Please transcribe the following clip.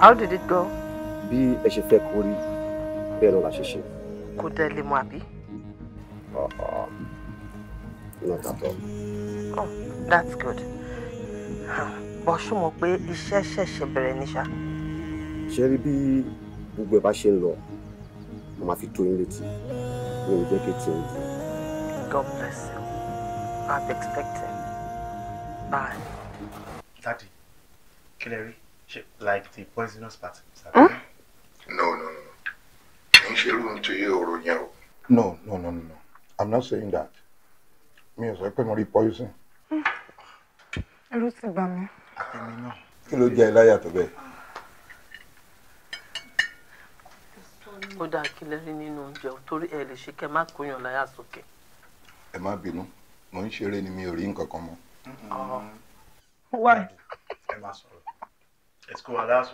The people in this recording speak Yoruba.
How did it go? Bí ẹ ṣe fẹ́ kó rí bẹ́ẹ̀ lọ́la ṣe ṣe. Kò tẹ̀lé mu àbí? Not at all. Oh, that's good. Bọ̀ ṣó mọ̀ pé iṣẹ́ ṣẹ̀ṣẹ̀ bẹ̀rẹ̀ ní ṣá. Ṣé rí bí gbogbo ẹ̀ bá ṣe mo máa fi tó yín létí. Mi ò jẹ́ kí God bless you. I'm expecting. Bye. Daddy, kí like the poisonous particles. Huh? No, no, no. Kì í ṣe irú tó yé ọ̀rọ̀ No, no, no, no, no. I'm not saying that. Mi I sọ pé mo rí poison. Ẹ̀rù ti bà mí. me. náà. Kí ló jẹ́ iláyà tó bẹ́ẹ̀? Ó dáa kí lè rí nínú oúnjẹ torí ẹ lè ṣe kẹ́ má kóyàn láyà sókè. Ẹ má bínú, mò ń ṣeré ni mi ò rí kan mọ́. Mm-hmm. Why? Ẹ má sọ̀rọ̀. Est-ce qu'on a